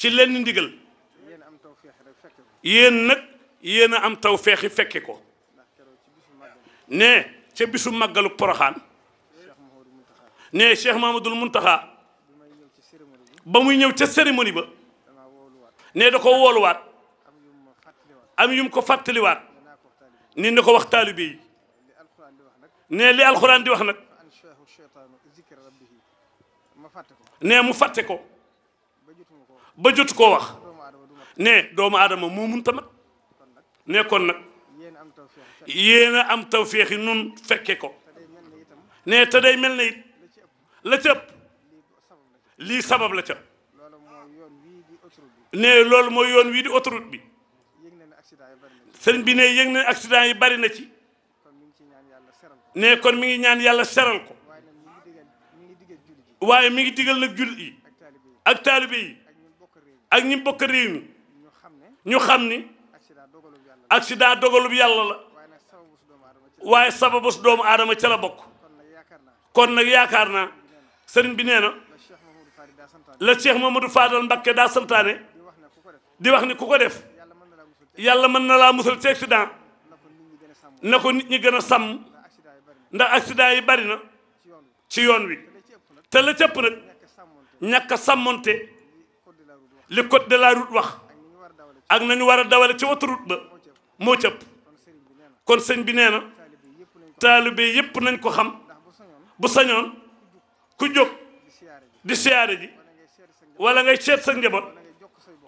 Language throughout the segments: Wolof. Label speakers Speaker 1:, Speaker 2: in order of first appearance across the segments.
Speaker 1: ci lenn ndigal yéen nag yéen a am taw feexi fekke ko ne ca bisu màggalu poroxaan ne Cheikh Mamadul Muntaxa ba muy ñëw ca cérémonie ba ne da ko wooluwaat am yum ko fàttaliwaat ni na ko wax taalibe yi ne li alxuraan di wax nag ne mu fàtte ko ba jotu koo wax ne doomu aadama moo munta mat ne kon nag yéen a am tawféex yi nun fekke ko ne te day mel na it la ca ëpp lii sabab la ca ne loolu mooy yoon wii di autoroute bi sëñ bi ne yëg na accident yi bari na ci ne kon mu ngi ñaan yàlla seral ko waaye mi ngi digal nag jullit yi ak taalibe yi ak ñi bokk réew mi ñu xam ni accident dogalub yàlla la waaye sababu su doomu aadama ca la bokk kon nag yaakaar naa sëriñ bi nee na la Cheikh Mamadou Fadal Mbacké daa santaane di wax ni ku ko def yàlla mën na laa musal ci accident na ko nit ñi gën a sàmm ndax accident yi bari na ci yoon wi te la cëpp nag ñàkk a sàmmonte li code de la route wax ak nañu war a dawale ci autoroute ba moo cëpp kon sëñ bi nee na taalibe yépp nañ ko xam bu sañoon ku jóg di siyaare ji wala ngay seet sa njaboot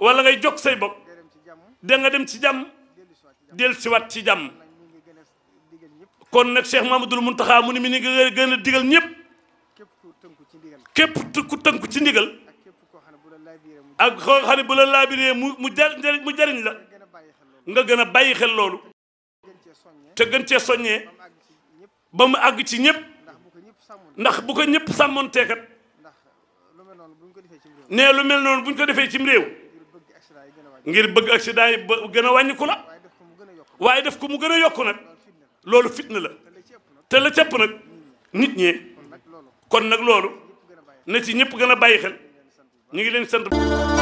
Speaker 1: wala ngay jokk say bokk da nga dem ci jàmm del siwaat ci jàmm kon nag Cheikh Mamadou Mountakha mu ni mi ni nga gën a digal ñëpp képp ku tënku ci ndigal ak koo xam ne bu la laabiree mu mu jar mu jariñ la nga gën a bàyyi xel loolu te gën cee soññee ba mu àgg ci ñëpp ndax bu ko ñëpp sàmmoon teekat nee lu mel noonu buñ ko defee cim réew ngir bëgg accident yi ba gën a wàññiku la waaye def ko mu gën a yokku nag loolu fitna la te la cëpp nag nit ñee kon nag loolu na ci ñëpp gën a bàyyi xel ñu ngi leen sant.